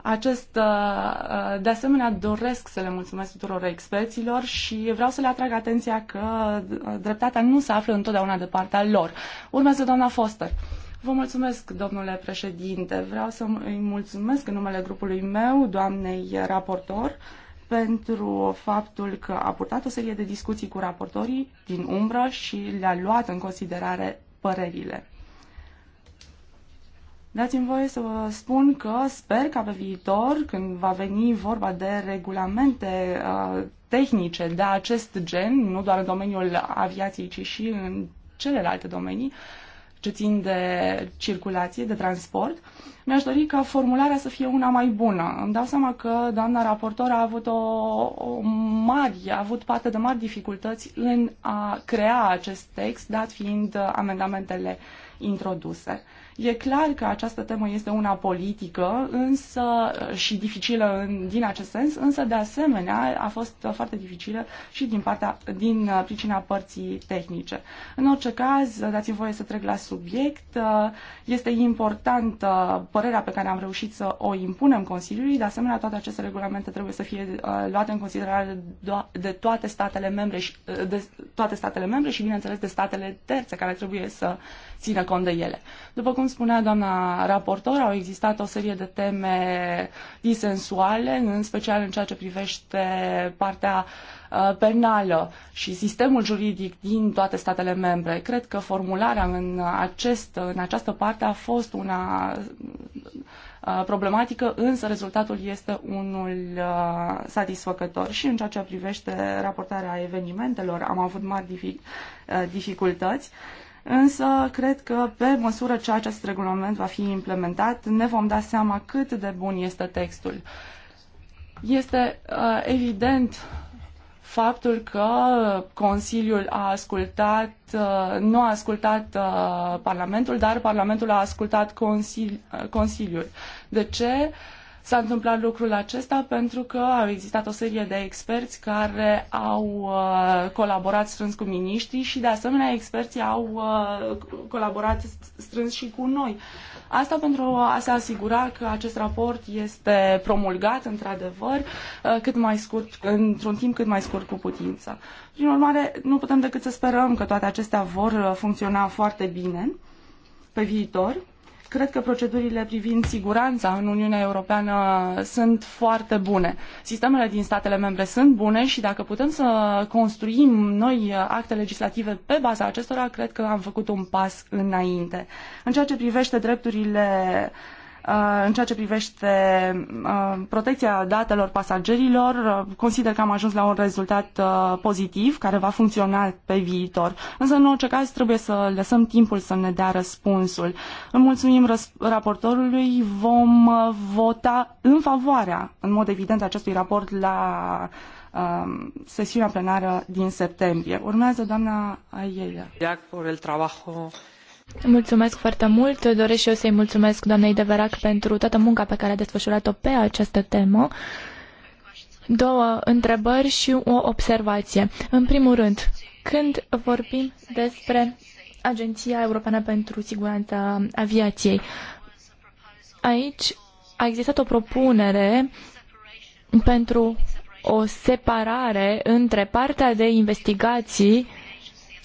Acest, uh, uh, de asemenea, doresc să le mulțumesc tuturor experților și vreau să le atrag atenția că uh, dreptatea nu se află întotdeauna de partea lor. Urmează doamna Foster. Vă mulțumesc, domnule președinte. Vreau să îi mulțumesc în numele grupului meu, doamnei raportor, pentru faptul că a purtat o serie de discuții cu raportorii din umbră și le-a luat în considerare părerile. Dați-mi voie să vă spun că sper ca pe viitor, când va veni vorba de regulamente uh, tehnice de acest gen, nu doar în domeniul aviației, ci și în celelalte domenii ce țin de circulație, de transport, mi-aș dori ca formularea să fie una mai bună. Îmi dau seama că doamna raportor a avut, o, o mari, a avut parte de mari dificultăți în a crea acest text, dat fiind amendamentele introduse. E clar că această temă este una politică însă și dificilă în, din acest sens, însă de asemenea a fost foarte dificilă și din, partea, din uh, pricina părții tehnice. În orice caz, dați-mi voie să trec la subiect. Uh, este importantă părerea pe care am reușit să o impunem Consiliului. De asemenea, toate aceste regulamente trebuie să fie uh, luate în considerare de toate statele membre și, de toate statele membre și bineînțeles de statele terțe care trebuie să țină cont de ele. După cum cum spunea doamna raportor, au existat o serie de teme disensuale, în special în ceea ce privește partea uh, penală și sistemul juridic din toate statele membre. Cred că formularea în, acest, în această parte a fost una uh, problematică, însă rezultatul este unul uh, satisfăcător. Și în ceea ce privește raportarea evenimentelor, am avut mari dificultăți. Însă, cred că pe măsură ce acest regulament va fi implementat, ne vom da seama cât de bun este textul. Este uh, evident faptul că Consiliul a ascultat, uh, nu a ascultat uh, Parlamentul, dar Parlamentul a ascultat Consili- uh, Consiliul. De ce? S-a întâmplat lucrul acesta pentru că au existat o serie de experți care au uh, colaborat strâns cu miniștrii și, de asemenea, experții au uh, colaborat strâns și cu noi. Asta pentru a se asigura că acest raport este promulgat, într-adevăr, uh, cât mai scurt, într-un timp cât mai scurt cu putință. Prin urmare, nu putem decât să sperăm că toate acestea vor funcționa foarte bine pe viitor Cred că procedurile privind siguranța în Uniunea Europeană sunt foarte bune. Sistemele din statele membre sunt bune și dacă putem să construim noi acte legislative pe baza acestora, cred că am făcut un pas înainte. În ceea ce privește drepturile uh, Uh, în ceea ce privește uh, protecția datelor pasagerilor, uh, consider că am ajuns la un rezultat pozitiv care va funcționa pe viitor. Însă, în orice caz, trebuie să lăsăm timpul să ne dea răspunsul. Îmi mulțumim raportorului, vom vota în favoarea, în mod evident, acestui raport la sesiunea plenară din septembrie. Urmează doamna Aielea. Mulțumesc foarte mult. Doresc și eu să-i mulțumesc doamnei de Verac pentru toată munca pe care a desfășurat-o pe această temă. Două întrebări și o observație. În primul rând, când vorbim despre Agenția Europeană pentru Siguranța Aviației, aici a existat o propunere pentru o separare între partea de investigații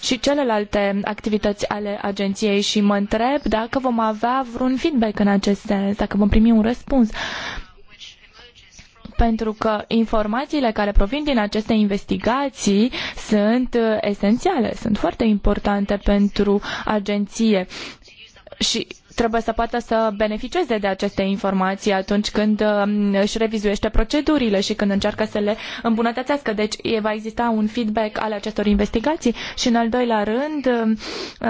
și celelalte activități ale agenției și mă întreb dacă vom avea vreun feedback în acest sens, dacă vom primi un răspuns. Pentru că informațiile care provin din aceste investigații sunt uh, esențiale, sunt foarte importante pentru agenție și trebuie să poată să beneficieze de aceste informații atunci când um, își revizuiește procedurile și când încearcă să le îmbunătățească. Deci va exista un feedback al acestor investigații și în al doilea rând um, uh,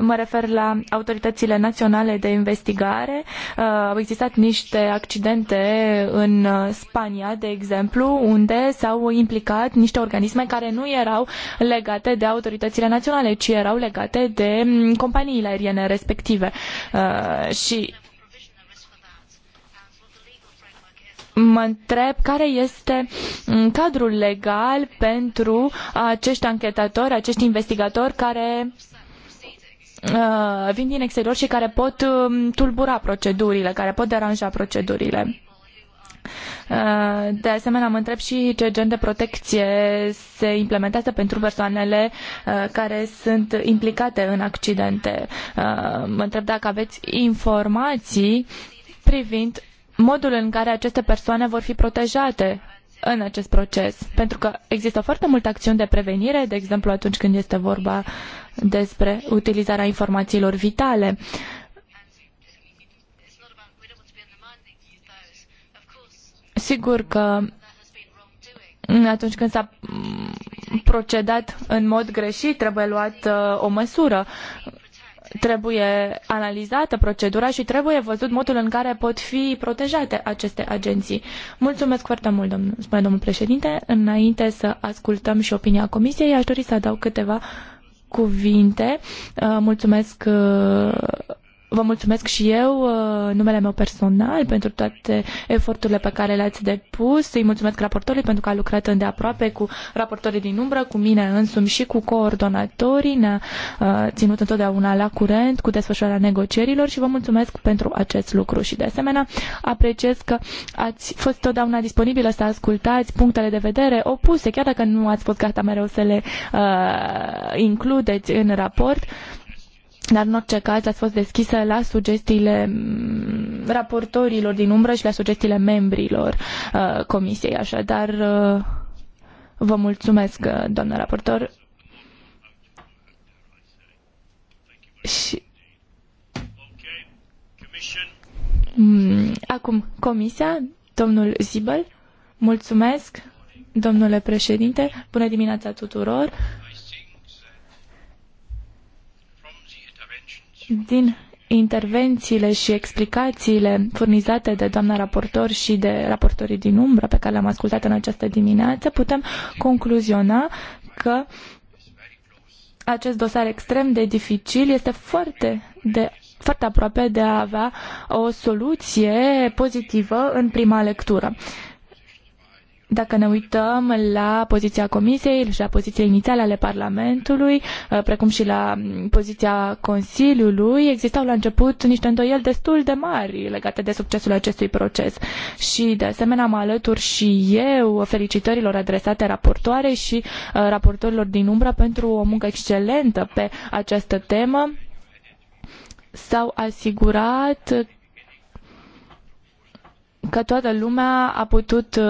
mă refer la autoritățile naționale de investigare. Uh, au existat niște accidente în uh, Spania, de exemplu, unde s-au implicat niște organisme care nu erau legate de autoritățile naționale, ci erau legate de um, companiile aeriene respective. Uh, și mă întreb care este mm, cadrul legal pentru acești anchetatori, acești investigatori care uh, vin din exterior și care pot mm, tulbura procedurile, care pot deranja procedurile. Uh, de asemenea, mă întreb și ce gen de protecție se implementează pentru persoanele uh, care sunt implicate în accidente. Uh, mă întreb dacă aveți informații privind modul în care aceste persoane vor fi protejate în acest proces? Pentru că există foarte multe acțiuni de prevenire, de exemplu atunci când este vorba despre utilizarea informațiilor vitale. Uh, Sigur că atunci când s-a procedat în mod greșit, trebuie luat uh, o măsură trebuie analizată procedura și trebuie văzut modul în care pot fi protejate aceste agenții. Mulțumesc foarte mult, domnul, spune domnul președinte. Înainte să ascultăm și opinia comisiei, aș dori să adaug câteva cuvinte. Uh, mulțumesc uh, Vă mulțumesc și eu, uh, numele meu personal, pentru toate eforturile pe care le-ați depus. Îi mulțumesc raportorului pentru că a lucrat îndeaproape cu raportorii din umbră, cu mine însumi și cu coordonatorii. Ne-a uh, ținut întotdeauna la curent cu desfășurarea negocierilor și vă mulțumesc pentru acest lucru. Și de asemenea, apreciez că ați fost totdeauna disponibilă să ascultați punctele de vedere opuse, chiar dacă nu ați fost gata mereu să le uh, includeți în raport dar în orice caz a fost deschisă la sugestiile mm, raportorilor din umbră și la sugestiile membrilor uh, comisiei. Așadar, uh, vă mulțumesc, uh, doamnă raportor. Și... Mm, acum, comisia, domnul Zibel, mulțumesc, domnule președinte, bună dimineața tuturor. din intervențiile și explicațiile furnizate de doamna raportor și de raportorii din umbră pe care le-am ascultat în această dimineață, putem concluziona că acest dosar extrem de dificil este foarte de foarte aproape de a avea o soluție pozitivă în prima lectură. Dacă ne uităm la poziția Comisiei și la poziția inițială ale Parlamentului, uh, precum și la mm, poziția Consiliului, existau la început niște îndoieli destul de mari legate de succesul acestui proces. Și, de asemenea, mă alătur și eu felicitărilor adresate raportoarei și uh, raportorilor din umbră pentru o muncă excelentă pe această temă s-au asigurat că toată lumea a putut uh,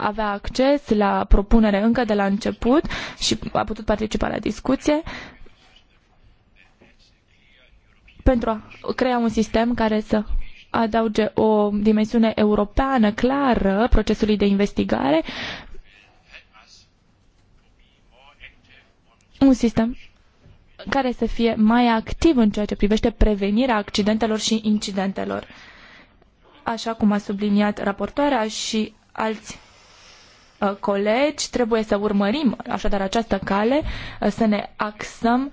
avea acces la propunere încă de la început și a putut participa la discuție pentru a crea un sistem care să adauge o dimensiune europeană clară procesului de investigare, un sistem care să fie mai activ în ceea ce privește prevenirea accidentelor și incidentelor așa cum a subliniat raportoarea și alți uh, colegi, trebuie să urmărim așadar această cale, uh, să ne axăm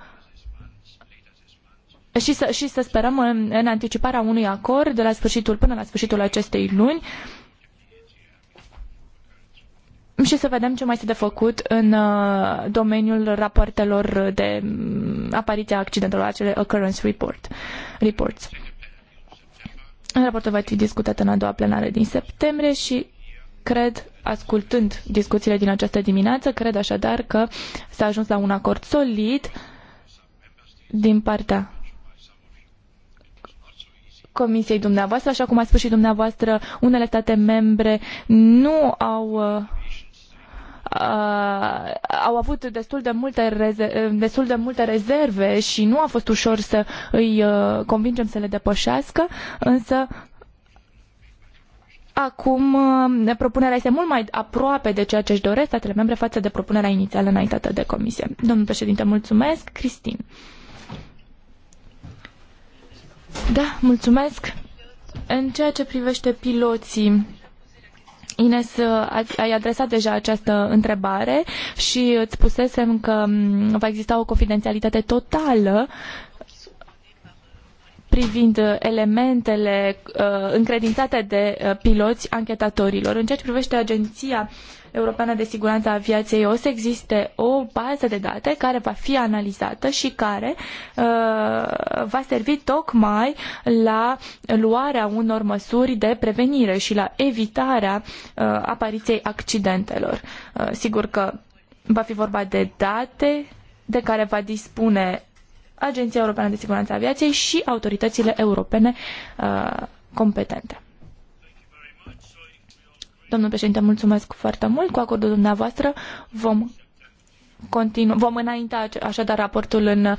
și să, și să sperăm în, în anticiparea unui acord de la sfârșitul până la sfârșitul acestei luni și să vedem ce mai este de făcut în uh, domeniul rapoartelor de mm, apariția accidentelor, acele occurrence report, reports. Raportul va fi discutat în a doua plenară din septembrie și cred, ascultând discuțiile din această dimineață, cred așadar că s-a ajuns la un acord solid din partea Comisiei dumneavoastră. Așa cum a spus și dumneavoastră, unele state membre nu au uh, uh, au avut destul de, multe reze- uh, destul de multe rezerve și nu a fost ușor să îi uh, convingem să le depășească, însă Acum, uh, propunerea este mult mai aproape de ceea ce își doresc statele membre față de propunerea inițială înaintată de Comisie. Domnul președinte, mulțumesc. Cristin. Da, mulțumesc. În ceea ce privește piloții, Ines, uh, ai adresat deja această întrebare și îți spusesem că mm, va exista o confidențialitate totală privind uh, elementele uh, încredințate de uh, piloți anchetatorilor. În ceea ce privește agenția Europeană de Siguranță a Aviației, o să existe o bază de date care va fi analizată și care uh, va servi tocmai la luarea unor măsuri de prevenire și la evitarea uh, apariției accidentelor. Uh, sigur că va fi vorba de date de care va dispune Agenția Europeană de Siguranță a Aviației și autoritățile europene uh, competente. Domnul președinte, mulțumesc foarte mult. Cu acordul dumneavoastră vom continuăm vom înainta așadar raportul în uh,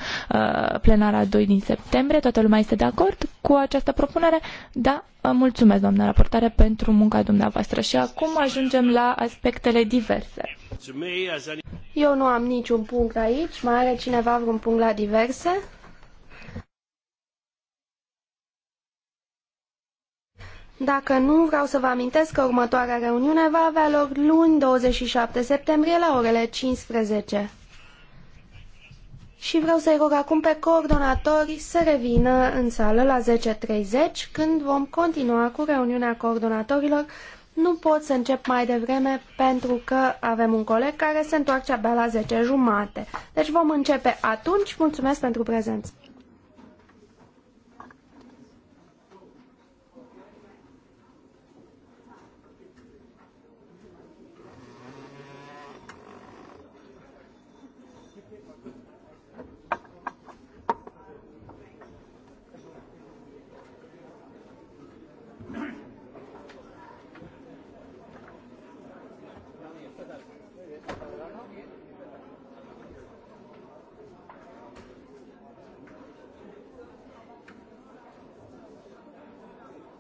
plenara 2 din septembrie. Toată lumea este de acord cu această propunere? Da, uh, mulțumesc, doamnă raportare, pentru munca dumneavoastră. Și acum ajungem la aspectele diverse. Eu nu am niciun punct aici. Mai are cineva vreun punct la diverse? Dacă nu, vreau să vă amintesc că următoarea reuniune va avea loc luni 27 septembrie la orele 15. Și vreau să-i rog acum pe coordonatori să revină în sală la 10.30 când vom continua cu reuniunea coordonatorilor. Nu pot să încep mai devreme pentru că avem un coleg care se întoarce abia la 10.30. Deci vom începe atunci. Mulțumesc pentru prezență!